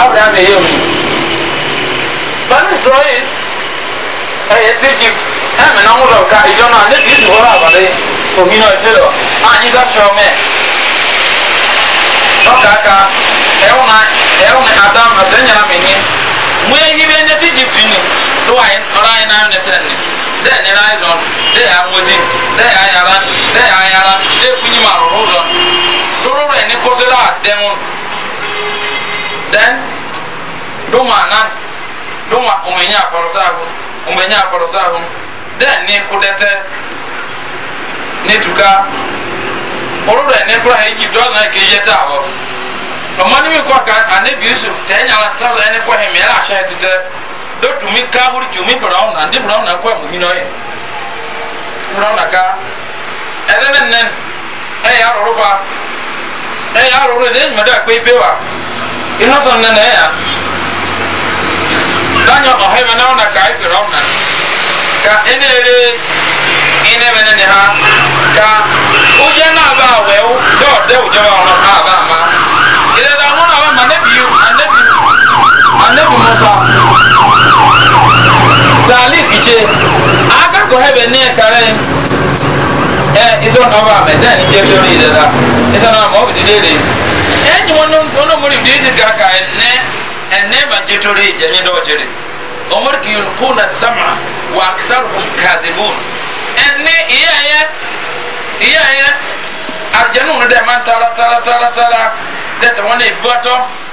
áwùrẹ́ àmì yẹ̀ mi bani ìsọ̀rọ̀ yìí ẹ̀yẹ I jì you ɛmɛ na ŋudɔ ka idɔ na ne bi nuwɔ la bale omi na ɔte lɔ a nyi sa sɔ mɛ sɔka ka ɛwɔ na ɛwɔ na adam na te nyina mɛ nyi mu ehi bɛ ne ti dzi tu ni do ayi ɔla ayi na ayɔ ne tɛ ni dɛ ne na ayi zɔn dɛ amozi dɛ ayara dɛ ayara dɛ kunyi ma rɔrɔ zɔn doro rɛ ne kɔsɛ la dɛmu dɛn do ma na do ma ɔmɛ nya akɔrɔ saabu ɔmɛ nya akɔrɔ saabu. dɛ ni kudɛtɛ ni tuka olu dɛ ni kura heki dɔ na ke yɛtɛ awɔ ɔmɔ ni mi kɔ ka ane bi su tɛ nyala tɔ kɔ mɛ titɛ do tumi tumi na ndi fɔra ɔn na kɔ ɛmu hinɔ yɛ fɔra ɔn na ka ɛdɛ nɛ nɛ ɛyɛ fa dɛ wa sɔn nɛ nɛ danyɔ ɔhɛ mɛ na ka ka ene ere mene ne ha ka uje na ba wewu do de uje ba ono ka ba ma ile da ono ba ma ne biu ane bi ane bi musa talif iche aka ko hebe ne kare eh izo na ba me da je to ni da izo na ma obi de de eh ni wono wono muri bi se ka ka ene ene ba je to re je ni do je de omori ki yulquna sama wa aksaruhum kazibun ɛnni iya yɛ iya yɛ arjanu nu dɛ man tara tara tara tara dɛ ta wani bɔtɔ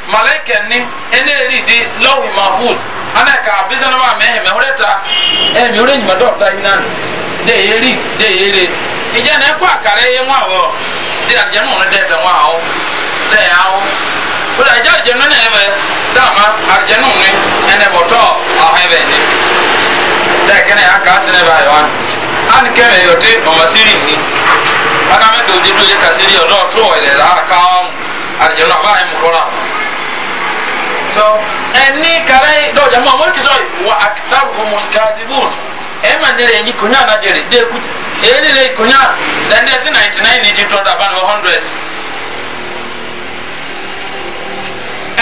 malaika ni ɛnni eri di lɔhi mafuz ana ka bisa na ma mɛ hɛmɛ hore ta ɛ mi hore nyuma dɔw ta yina de ye rit de ye re ìjẹ́ na ɛkó àkàrà yẹ mu àwọ̀ de arjanu nu dɛ mu àwọ̀ dɛ yà so da ɛgya na ɛmɛ dama agyɛ no ne ɛnɛ bɔtɔ ɔhɛn bɛ ne da ɛkɛ na yɛaka atene ba yɛ wani ani kɛ mɛ yɔte ɔmɔ siri ni aka mɛ kɛ ojú do yɛ kasiri yɛ ɔdɔ so ɔyɛ lɛ ara kaa ɔmu agyɛ yɛ mu kɔra ɛni kara yi dɔw jɛ mu ɔmɔ kisɛ wa akita ɔmɔ kaadibun ɛma ne yɛ ni konya anagye de de ekuta ɛyɛ ne yɛ konya dɛndɛ si ninety nine ni ti tɔ daba ni one hundred.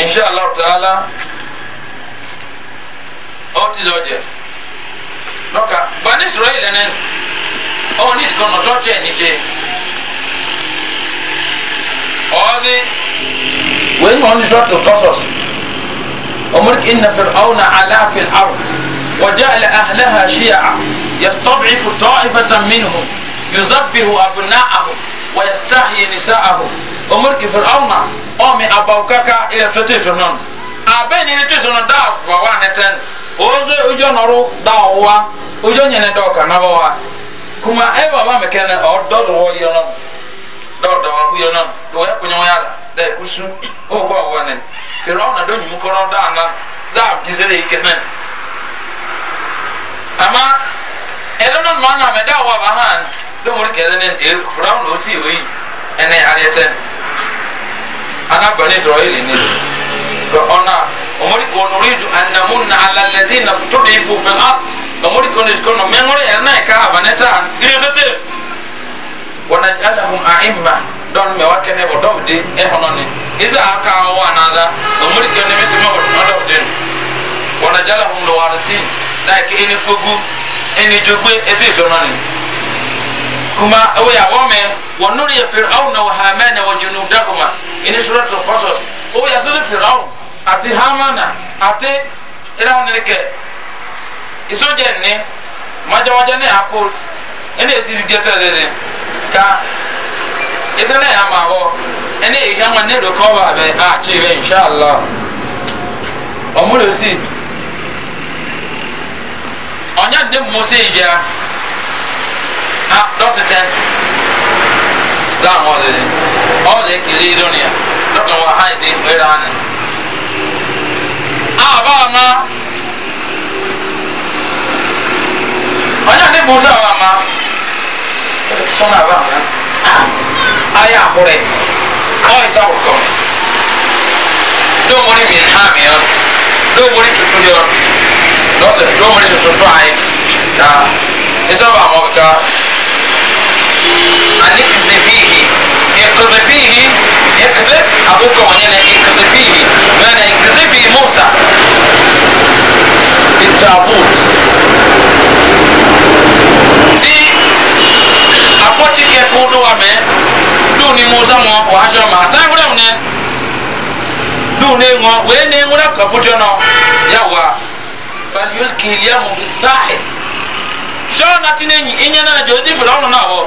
ان شاء الله تعالى اوتي زوجي نوكا بني اسرائيل أنا او نيت كون اوتوتشي نيتشي اوزي وين هون زوت القصص امرك ان فرعون علا في الارض وجعل اهلها شيعا يستضعف طائفه منهم يزبه ابناءهم ويستحيي نساءهم omori ke fir'aun na o mi abaw kaka ila fete fir'aun abe ni ni tisono da wa wa neten ozo ujo noru da wa ujo nyene do ka na wa kuma e ba ba mekene o do do wo yono do do wa ku yono do ya kunya wa yara da e kusu o ko wa ne fir'aun na do nyimu ko da na da gizele ikene ama elonon mana me da wa ba han do mori kele ne fir'aun o si o yi ene areten ana bani israeli ni ko ona omori ko nuridu an namunna ala allazina tudifu fil ard omori ko nis kono mengori erna ka abaneta initiative wanaj'alahum a'imma don me wakene bo don de e hononi iza aka wa nada omori ko ne misima bo don de wanaj'alahum lawarisin like ini kugu ini jugbe eti zonani kuma oya wome wa fir'auna wa hamana wa junudahuma ini surat al Oh ya sudah firaun ati hamana ati iraun ne Isu iso jenne maja maja ni akol Ini esisi geta dede ka isa ne ama ho ene ihya ma ne recover eh, be Insya Allah. be inshallah omuro si onya ne mose ya a dosete da mo dede ɔde kele ironia dɔtɔn wa ha de wera ne a ba ma ɔnyɛ ne bɔnsɛ a ba ma sɔnna a ba ma a yɛ ahorɛ ɔyɛ sɛ ahorɔ kɔn dɔw mo ni min ha mi yɔn dɔw mo ni tutu yɔn lɔsɛ dɔw mo ni tutu ayi ka isɛ ba ma ka ani kisi fihi. اقذفيه اقذف أبوك ونينا اقذفيه معنى اقذفي موسى في التابوت سي أقوتي كيكودو أمين دوني موسى مو وعشو ما سيقول أمين دوني مو ويني مو لكبوتو نو يوا فليلقي اليوم بالساحل شو نتيني إنينا جودي فلانو ناو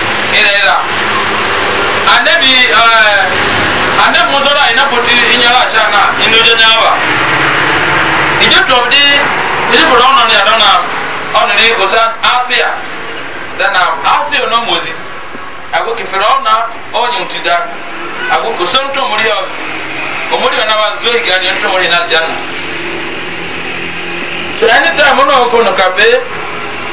ilela anabi eh, anabi musoro ina poti inyala ashana indoje nyaba ije tobdi ije pura ono ni adona ono ni usan asia dana asia no mozi ago ke firauna onye utida ago ko sonto muri yo omuri na bazoi gani onto muri na janna so anytime ono ko no kabe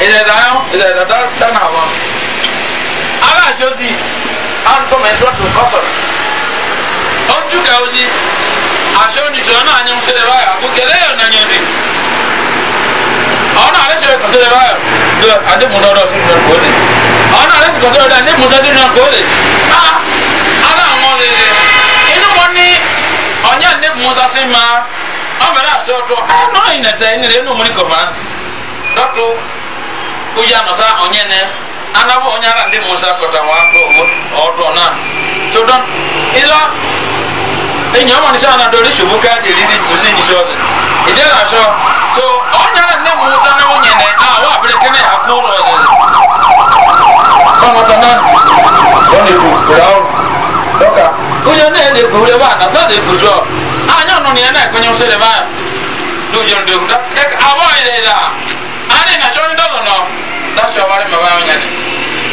ilẹ̀ dáyọ̀ ilẹ̀ dada dáná wọn. ara àṣọsí àtúntò ìṣòtò kọ́sọ̀rọ̀ ó túkà ó sí àṣọ onítọ̀ náà nyẹ́ sẹ́lẹ̀ báyọ̀ àkókèlè yọ̀ náà nyẹ́ sí. ọ̀nà àlẹ́ sọ̀rọ̀ kọ̀ sẹ́lẹ̀ báyọ̀ lọ adébùsọ̀ ọ̀dọ̀ sínú náà kọ́lé ọ̀nà àlẹ́ sọ̀rọ̀ sọ̀rọ̀ ọ̀dọ̀ adébùsọ̀ sínú náà kọ́lé ara àwọn lè inú wọn ní ọ̀nyá adébùsọ̀ sí ma ọ̀bẹ̀rẹ̀ àṣọ ọ̀tọ̀ ẹ̀ náà ìnẹ̀tẹ̀ ẹ̀ nílẹ̀ inú mú ní kọ̀ọ̀mà uja no sa onyene anabo onyara ndi musa kota wa do odo na chodon ila enyo mo ni sa na dole shubu ka de lizi kuzi ni so ide na so so onyara ndi musa na onyene a wa bere kene akuro ni kono tana oni tu furao doka uja ne de kure ba na sa de kuzo a nyono ni na konyo sele ba do yon de huda dek abo ile da ane na shoni dono no da shawari ma bayo nyani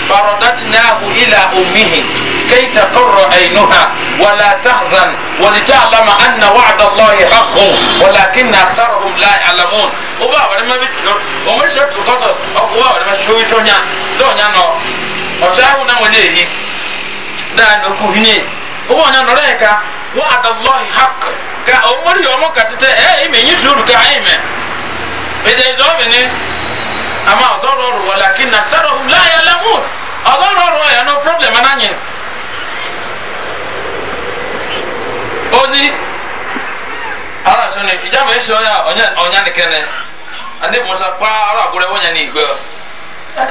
faradatnahu ila ummihi kay taqarra aynuha wa la tahzan wa lita'lama anna wa'da allahi haqqun walakinna aktharuhum la ya'lamun uba bare ma bitu o mo shot ko o uba bare ma shoyi to nya do nya no o shahu na mo ne da no ku hini uba nya no reka wa'da allahi haqq ka o mo o mo katete e me nyi zuru ka e me eze zo be ama ɔzɔrɔ ɔrɔ wɔ lakin na tsara hu laaya lamu ɔzɔrɔ ɔrɔ yɛ no problem ananyɛ ozi ara sɔ ni ìjàmbá esɔ ya ɔnya ɔnya ni kɛnɛ ande musa kpaa ara agorɔ wɔnya ni igbɛ ɛ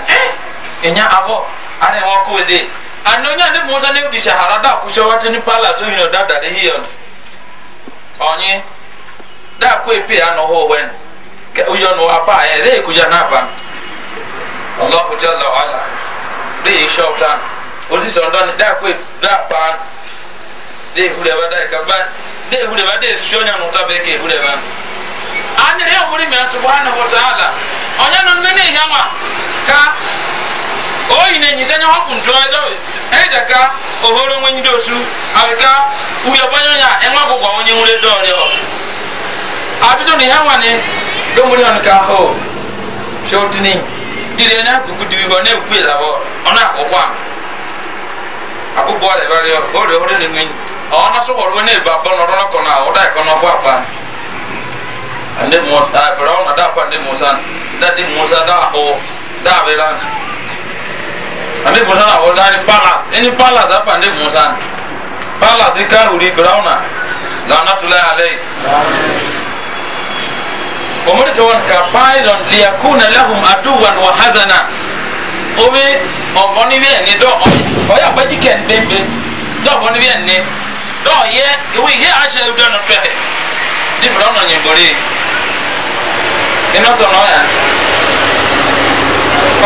enya abɔ ara yɛ wɔn kɔ musa ne di da kusɛ wɔte pala so yin o da da de ɔnye da hɔ wɛn. ke ujan wa apa e eh, re kujan apa Allah jalla wa ala de shautan osi sondan da ku da pa de hude ba da ka ba de hude ndị de shonya no ndị be ke hude ba ani re muri mi subhanahu wa ta'ala onya no ne eh, ne yama ka oyi ne ajo e da ka banyo enwa onye do o abizo do muri on ka ho shortini dire na ku ku dibi ne ku ila bo ona ko kwa aku bo le bari o le ni ngi ona so ko ne ba bo no ro ko na o dai ko no kwa pa ande musa ah, fara ona da pa ande musa da di musa da ho da be lan ande musa na ho da ni palace ni palace apa ande musa palace ka huri fara ona lanatullah alayhi omori to won ka pailon liyakuna lahum aduwan wa hazana obe ọbọni bi ẹni dọ ọyọ abaji kẹnde mbe dọ ọbọni bi ẹni dọ yẹ ewu ihe ahyẹ ewu dọnu tẹ ní fúlọ sọ n'ọyà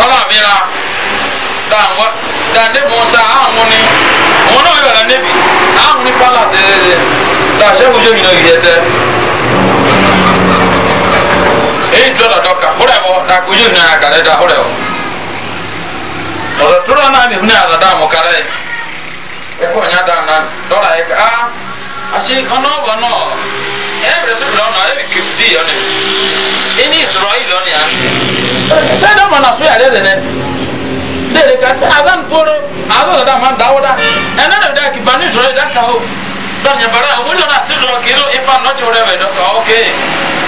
ọlọ ya, dà ngọ dà níbi musa ahùn ni òun náà ni palace ẹ ẹ eyi tɔ dɔ dɔ ka hore wɔ da ko yi nyɛ ka ne da hore wɔ ɔdɔ tora naa mi hune ada daa mo kare e ko nya daa na dɔra e ka aa asi ɔnɔ wɔ nɔ e bere so bila ɔnɔ e bi kebi di yɔne e ni sɔrɔ yi lɔne ya sɛ dɔ na so yare de ne de de ka sɛ azan poro azan da ma dawo da ɛnɛ de da ki ba ni sɔrɔ yi da ka o dɔnye bara o wuli ɔna si sɔrɔ k'i so ipa nɔ tsi o de bɛ